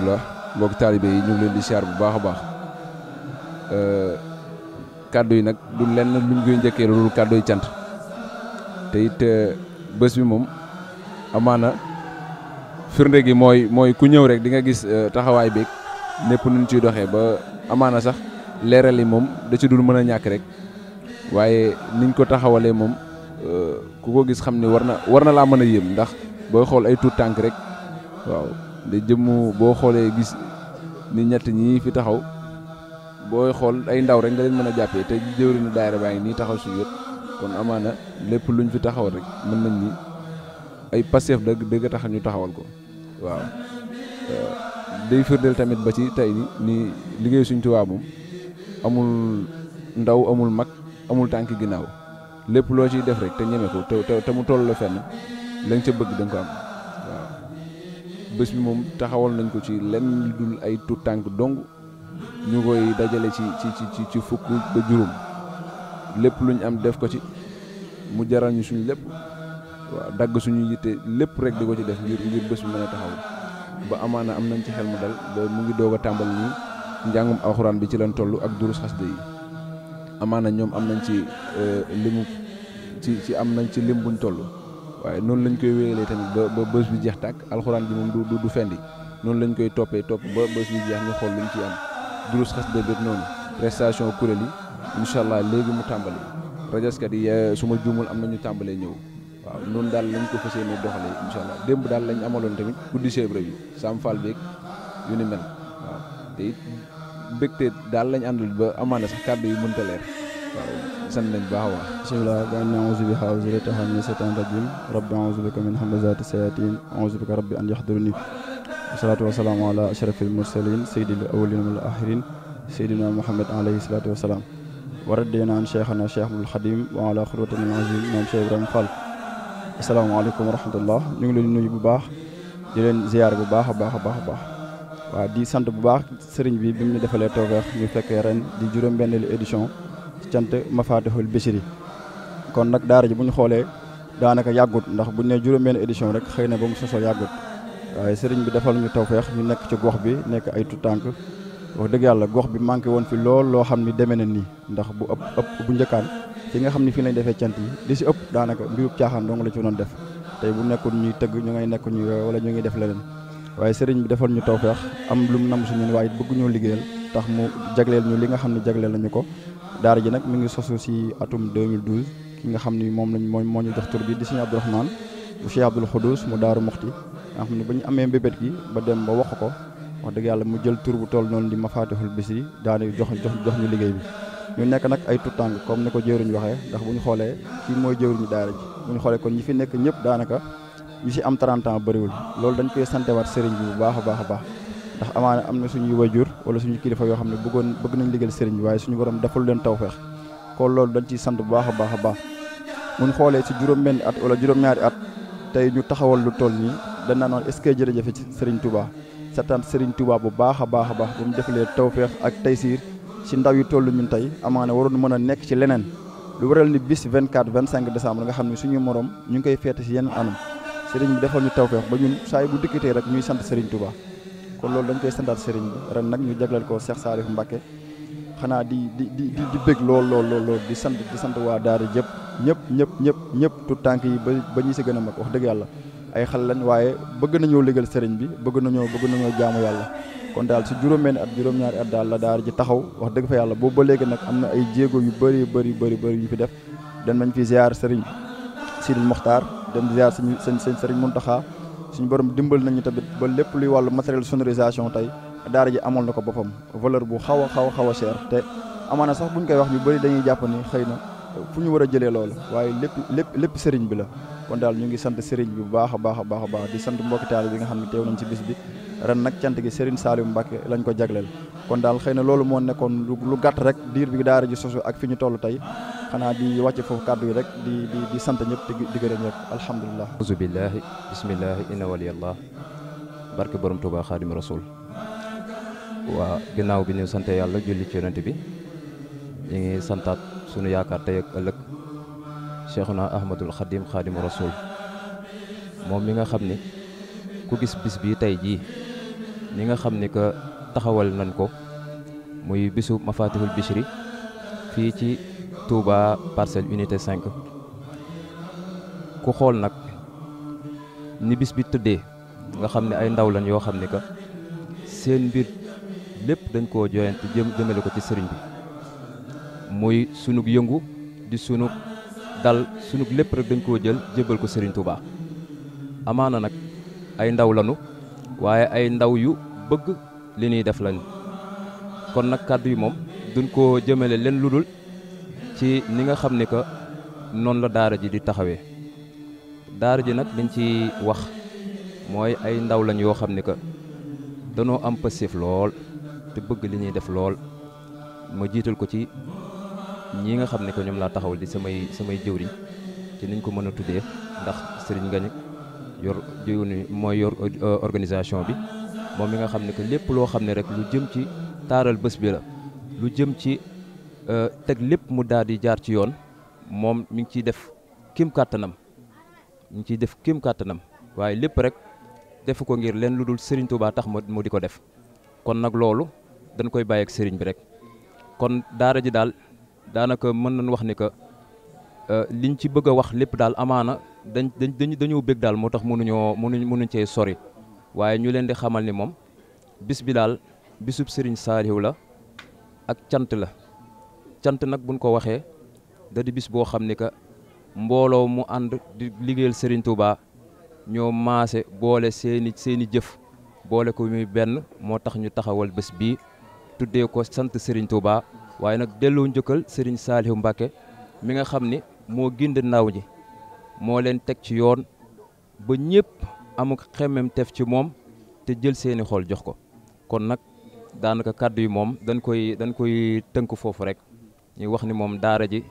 rahmatullah mbokk taalibe yi ñu ngi leen di siyaar bu baax a baax euh, kàddu yi nag du lenn luñ koy njëkkee loolu kàddu yi cant te it euh, bés bi moom amaana firnde gi mooy mooy ku ñëw rek di nga gis euh, taxawaay beeg népp nuñ ciy doxee ba amaana sax leeral yi moom da ci dul mën a ñàkk rek waaye niñ ko taxawalee moom ku ko gis xam ne war na war na laa mën a yëm ndax booy xool ay tuut tànk rek waaw da jëmm boo xoolee gis ni ñett ñii fi taxaw booy xool ay ndaw rek nga leen mën a jàppee te jëwriñu daayira baa ngi nii taxaw suñu yëpp kon amaana lépp lu luñ fi taxawal rek mën nañ ni ay passeef dëgg a tax ñu taxawal ko waaw day firndeel tamit ba ci tey nii liggéey suñ Tuubaa moom amul ndaw amul mag amul tànk ginnaaw lépp loo ciy def rek te ñeme ko te te mu toll la fenn lañ nga ca bëgg dañ ko am bés bi moom taxawal nañ ko ci lenn dul ay tuut tànk dong ñu koy dajale ci ci ci ci fukk ba juróom lépp lu ñu am def ko ci mu jarañu ñu suñu lépp waa dagg suñu yitte lépp rek di ko ci def ngir ngir bés bi mën a taxaw ba amaana am nañ ci xel mu dal ba mu ngi doog a tàmbali nii njàngum axuraan bi ci leen toll ak durus xasida yi amaana ñoom am nañ ci euh, limu ci ci am nañ ci lim buñ toll. waaye noonu lañ koy wéyalee tamit ba ba bi jeex tàkk alxuraan bi moom du du fendi noonu lañ koy toppee topp ba bés bi jeex ñu xool luñ ci am durus xas de noonu prestation kuréel yi incha allah léegi mu tàmbali rajaskat yi eh, su ma juumul am nañu tàmbalee ñëw waaw noonu daal lañ ko fas yéene doxalee incha démb daal lañu amaloon tamit guddi chèvre bi Sam Fall beeg yu ni mel waaw te it mbégte daal lañ àndul ba amaana sax kàddu yi mënta leer sant nañ baax waa bisimilah ba an auzu bi hawziri taxa mi seetaan rajim rabbi auzu bika min hamazati sayatin auzu bika rabbi an yaxduruni wasalaatu wasalaamu ala ashrafil mursalin sayyidil awwalin wal axirin sayyidina muhammad alayhi salaatu wasalaam waradee naan cheikhana cheikh mul xadim wa ala xurwatin azim maam cheikh ibrahima fall asalaamaaleykum wa rahmatullah ñu ngi leen nuyu bu baax di leen ziyaar bu baax a baax a baax a baax waaw di sant bu baax sëriñ bi bi mu ñu defalee toogax ñu fekkee ren di juróom-benneelu édition cant mafatihul bisiri kon nag daara ji bu ñu xoolee daanaka yàggut ndax bu ñu nee juróom-benn rek xëy na ba mu sosoo yàggut waaye sëriñ bi defal ñu tawfeex ñu nekk ci gox bi nekk ay tutànk wax dëgg yàlla gox bi manqué woon fi lool loo xam ni demee na nii ndax bu ëpp ëpp bu njëkkaan fi nga xam ni fii lañ defee cent yi di si ëpp daanaka mbirub caaxaan dong la ci doon def tey bu nekkul ñuy tëgg ñu ngay nekk ñu wala ñu ngi def leneen waaye sëriñ bi defal ñu tawfeex am lu mu nam suñu waaye bëgg ñoo liggéeyal tax mu jagleel li nga xam ne jagleel nañu ko daara ji nag mu ngi sosu si atum 2012 ki nga xam ni moom lañ moo moo ñu jox tur bi di sëñ Abdou Rahman bu Cheikh Abdoul mu daaru Muxti nga xam ne ba ñu amee mbébét gi ba dem ba wax ko wax dëgg yàlla mu jël tur bu toll noonu di Mafatihul Bisri daana jox jox jox ñu liggéey bi ñu nekk nag ay tuttàng comme ni ko jëwriñ waxee ndax bu ñu xoolee kii mooy jëwriñu daara ji bu ñu xoolee kon ñi fi nekk ñëpp daanaka ñu si am 30 bariwul loolu dañ koy santewaat sëriñ bi bu baax a baax a baax ndax amaana am na suñuy wajur wala suñu kilifa yoo xam ne bëggoon bëgg nañ liggéeyal sëriñ bi waaye suñu borom defal leen tawfeex kon loolu dañ ciy sant bu baax a baax a baax mun xoolee si juróom-benn at wala juróom-ñaari at tey ñu taxawal lu tool nii dana naan woon ce que jërëjëfe ci sëriñ Touba sataan sëriñ Touba bu baax a baax a baax bu mu defalee tawfeex ak tey taysiir si ndaw yi lu ñun tey amaa amaana waroon mën a nekk ci leneen lu waral ni bis 24 25 décembre nga xam ne suñu morom ñu ngi koy feete si yeneen anam sëriñ bi defal ñu tawfeex ba ñun saa bu dikkatee rek ñuy sant sëriñ kon loolu dañ koy santaat sëriñ bi ren nag ñu jagleel ko Cheikh Salif Mbacké xanaa di di di di bëgg lool lool lool di sant di sant waa daara jëpp ñëpp ñëpp ñëpp ñëpp tout tànk yi ba ba ñu si gën a mag wax dëgg yàlla ay xal lañ waaye bëgg nañoo liggéeyal sëriñ bi bëgg nañoo bëgg nañoo jaamu yàlla kon daal si juróom-benn at juróom-ñaari at daal la daara ji taxaw wax dëgg fa yàlla boobu ba léegi nag am na ay jéego yu bëri bëri bëri bëri yu fi def dem nañ fi ziar sëriñ Sidil Mokhtar dem ziar sëñ sëñ sëriñ Mountakha suñu borom dimbal nañu tamit ba lépp luy wàllu matériel sonorisation tey daara ji amal na ko boppam valeur bu xaw a xaw a xaw a cher te amaana sax buñ koy wax ñu bëri dañuy jàpp ni xëy na fu ñu war a jëlee loolu waaye lépp lépp lépp sëriñ bi la kon daal ñu ngi sant sëriñ bi bu baax a baax a baax a baax di sant mbokki taal bi nga xam ne teew nañ ci bis bi ren nag cant gi sëriñ Saliou Mbacke lañ ko jagleel kon daal xëy na loolu moo nekkoon lu gàtt rek diir bi daara ji sosu ak fi ñu toll tey xanaa di wàcce foofu kàddu yi rek di di di sant ñëpp di gërëm ñëpp alhamdulilah auzu billahi bismillahi inna waliyallah barke borom Tuuba xaadim rasul waa ginnaaw bi ñu sante yàlla julli ci yonent bi ñu ngi santaat sunu yaakaar tey ak ëllëg cheikhuna ahmadul xadim xaadim rasul moom mi nga xam ni ku gis bis bi tey jii ñi nga xam ni que taxawal nañ ko muy bisu mafatihul bichri fii ci Touba parcelle unité 5 ku xool nag ni bi tëddee nga xam ne ay ndaw lañ yoo xam ne ka seen mbir lépp dañ koo joyante jëm jëmale ko ci sëriñ bi muy sunug yëngu di sunug dal sunug lépp rek dañ koo jël jébal ko sëriñ Touba amaana nag ay ndaw lanu waaye ay ndaw yu bëgg li ñuy def lañu kon nag kàddu yi moom duñ koo jëmale leen ludul ci ni nga xam ne que noonu la daara ji di taxawee daara ji nag liñ ci wax mooy ay ndaw lañ yoo xam ni que danoo am passif lool te bëgg li ñuy def lool ma jiital ko ci ñii nga xam ne que ñoom laa taxawal di samay samay jëwriñ ci niñ ko mën a tuddee ndax sëriñ Ngagne yor jëwriñ mooy yor euh, organisation bi moom mi nga xam ne que lépp loo xam ne rek lu jëm ci taaral bés bi la lu jëm ci Euh, teg lépp mu daal di jaar ci yoon moom mi ngi ciy def kim kàttanam mi ngi ciy def kim kàttanam waaye lépp rek defu ko ngir leen lu dul sëriñ Touba tax mu di ko def kon nag loolu dañ koy bàyyi ak Serigne bi rek kon daara ji daal daanaka mën nañu wax ni que euh, liñ ci bëgg a wax lépp daal amaana dañ dañ dañoo bëgg daal moo tax mënuñoo mënuñ mënuñ cee sori waaye ñu leen di xamal ni moom bis bi daal bisub sëriñ Saliou la ak cant la. cant nag buñ ko waxee da di bis boo xam ni que mbooloo mu ànd di liggéeyal Serigne Touba ñoo maase boole seeni seeni jëf boole ko muy benn moo tax ñu taxawal bés bii tuddee ko sant Serigne Touba waaye nag dellu njëkkal Serigne Saliou Mbacké mi nga xam ni moo gind ndaw ji moo leen teg ci yoon ba ñëpp amuk xemmem tef ci moom te jël seeni xol jox ko kon nag daanaka kàddu yi moom dañ koy dañ koy tënk foofu rek ñuy wax ni moom daara ji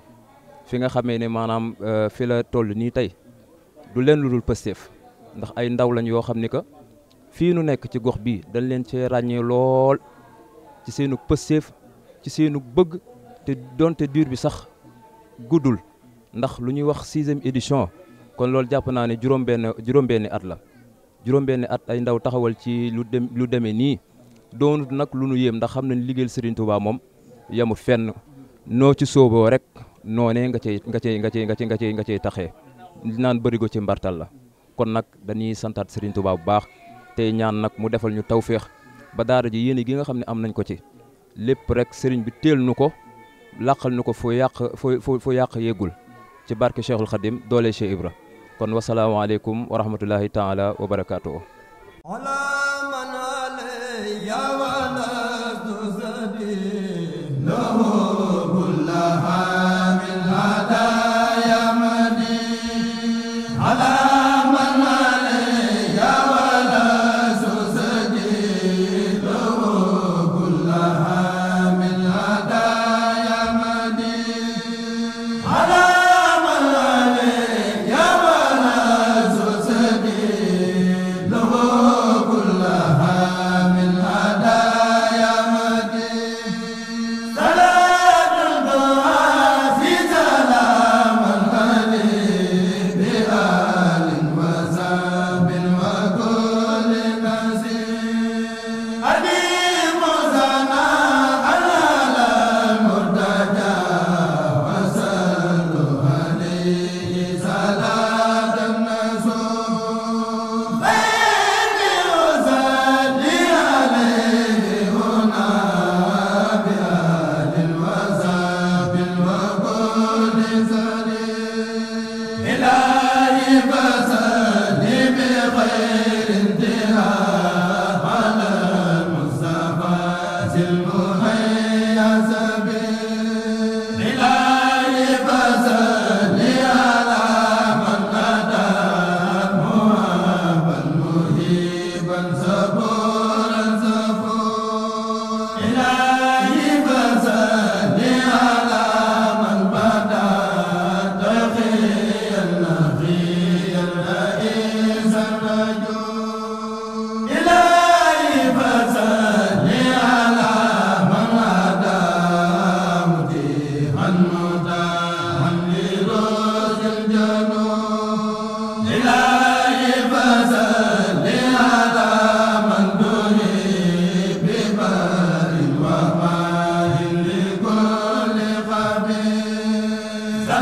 fi nga xamee ne maanaam euh, fi la toll nii tey du leen lu dul Pastef ndax ay ndaw lañ yoo xam ni que fii nu nekk ci gox bii dañ leen cee ràññee lool ci seenu pësteef ci seenu bëgg te donte diir bi sax guddul ndax lu ñuy wax sixième édition kon loolu jàpp naa ne juróom-benn juróom-benni at la juróom-benni at ay ndaw taxawal ci lu dem lu demee nii doonut nag lu nu yéem ndax xam nañ liggéeyal Serigne Touba moom yemut fenn. noo ci sooboo rek noonee nga cey nga cey nga cey nga nga cey nga cey taxee naan bërigo ci mbartal la kon nag dañuy santaat Serigne Touba bu baax tey ñaan nag mu defal ñu tawféex ba daara ji yéene gi nga xam ne am nañ ko ci lépp rek Serigne bi teel nu ko làqal nu ko foo yàq foo yàq yeggul ci barke Cheikhul Khadim doole Cheikh Ibra kon wasalaamaaleykum wa rahmatulahi taala wa barakaatu.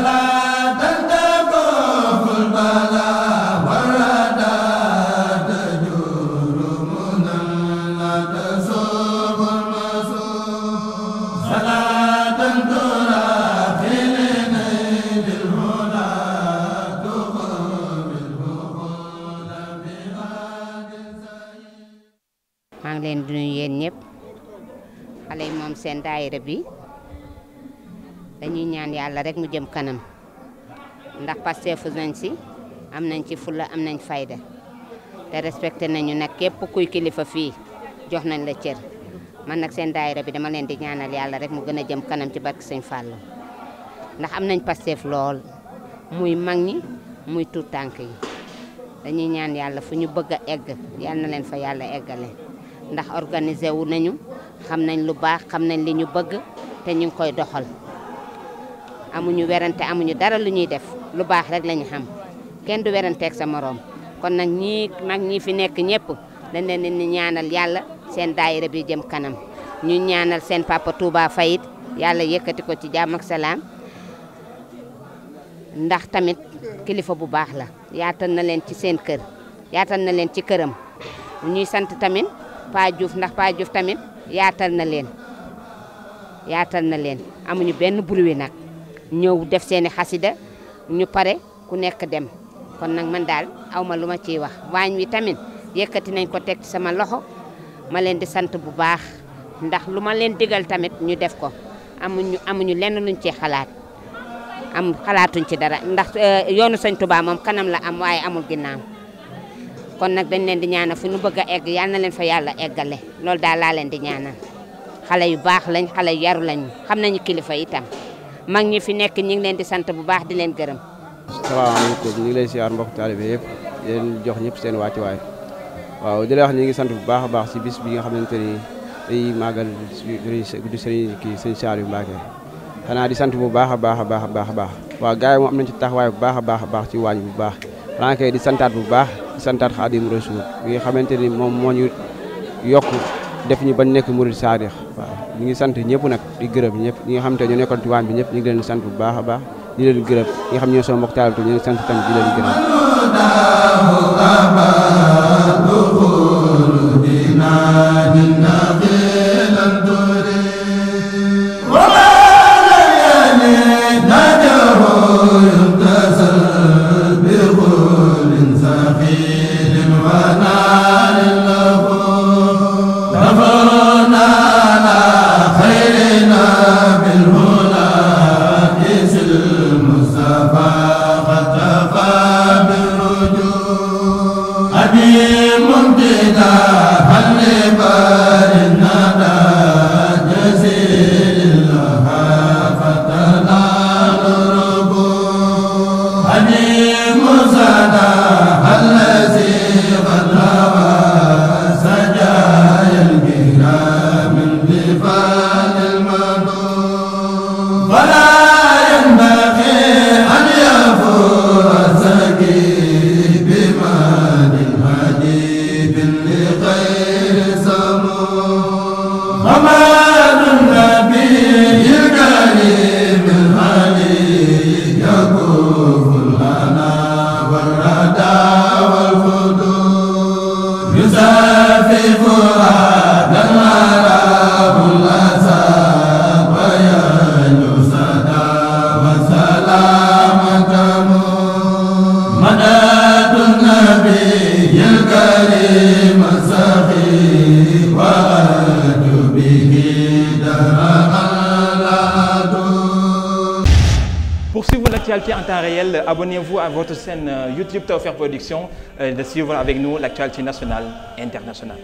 maa ngi leen di nuyu yéen ñëpp xale yi moom seen daayira bi dañuy ñaan yàlla rek mu jëm kanam ndax Pastef nañ si am nañ ci fulla am nañ fayda te respecté nañu nag képp kuy kilifa fii jox nañ la cër man nag seen daayira bi dama leen di ñaanal yàlla rek mu gën a jëm kanam ci barke Sëñ Fallou ndax am nañ Pastef lool muy mag ñi muy tuut tànk yi dañuy ñaan yàlla fu ñu bëgg a egg yal na leen fa yàlla eggale ndax organisé wu nañu xam nañ lu baax xam nañ li ñu bëgg te ñu ngi koy doxal amuñu werante amuñu dara lu ñuy def lu baax rek lañu xam kenn du weranteeg sa moroom kon nag ñii mag ñi fi nekk ñëpp dañ leen ni ñaanal yàlla seen daayira bi jëm kanam ñu ñaanal seen papa Touba Fayit yàlla yëkkati ko ci jàmm ak salaam ndax tamit kilifa bu baax la yaatal na leen ci seen kër yaatal na leen ci këram ñuy sant tamit Pa Diouf ndax Pa tamit yaatal na leen yaatal na leen amuñu benn buluwi nag ñëw def seeni xasida ñu pare ku nekk dem kon nag man daal awma lu ma ciy wax waañ wi tamit yëkkati nañ ko teg sama loxo ma leen di sant bu baax ndax lu ma leen digal tamit ñu def ko amuñu amuñu lenn luñ ci xalaat am xalaatuñ ci dara ndax euh, yoonu sëñ Tuubaa moom kanam la am waaye amul ginnaaw kon nag dañ leen di ñaanal fu ñu bëgg a egg yal na leen fa yàlla eggale loolu daal laa leen di ñaana xale yu baax lañ xale yu yaru lañ xam nañu kilifa itam mag ñi fi nekk ñu ngi leen di sant bu baax di leen gërëm. salaamaaleykum ñu ngi lay siyaar mbokk taalibe yëpp di jox ñëpp seen wàccuwaay waaw di la wax ñu ngi sant bu baax a baax si bi nga xamante ni day màggal du sëriñ kii sëñ Saliou Mbacke xanaa di sant bu baax a baax a baax a baax a baax waaw gars yi moom nañ ci taxawaay bu baax a baax a baax ci waañ bu baax xanaa kay di santaat bu baax di santaat Xaadim Rasuul bi nga xamante ni moom moo ñu yokk def ñu bañ nekk murid saadix waaw ñu ngi sant ñëpp nag di gërëm ñëpp ñi nga xam te ñoo nekkoon ci waañ bi ñëpp ñu ngi leen sant bu baax a baax di leen gërëm ñi xam ñoo sama mbokk taalibe ñu ngi sant tamit di leen gërëm abonnez-vous à votre chaîne euh, YouTube Tawfekh Production euh, et de suivre avec nous l'actualité nationale et internationale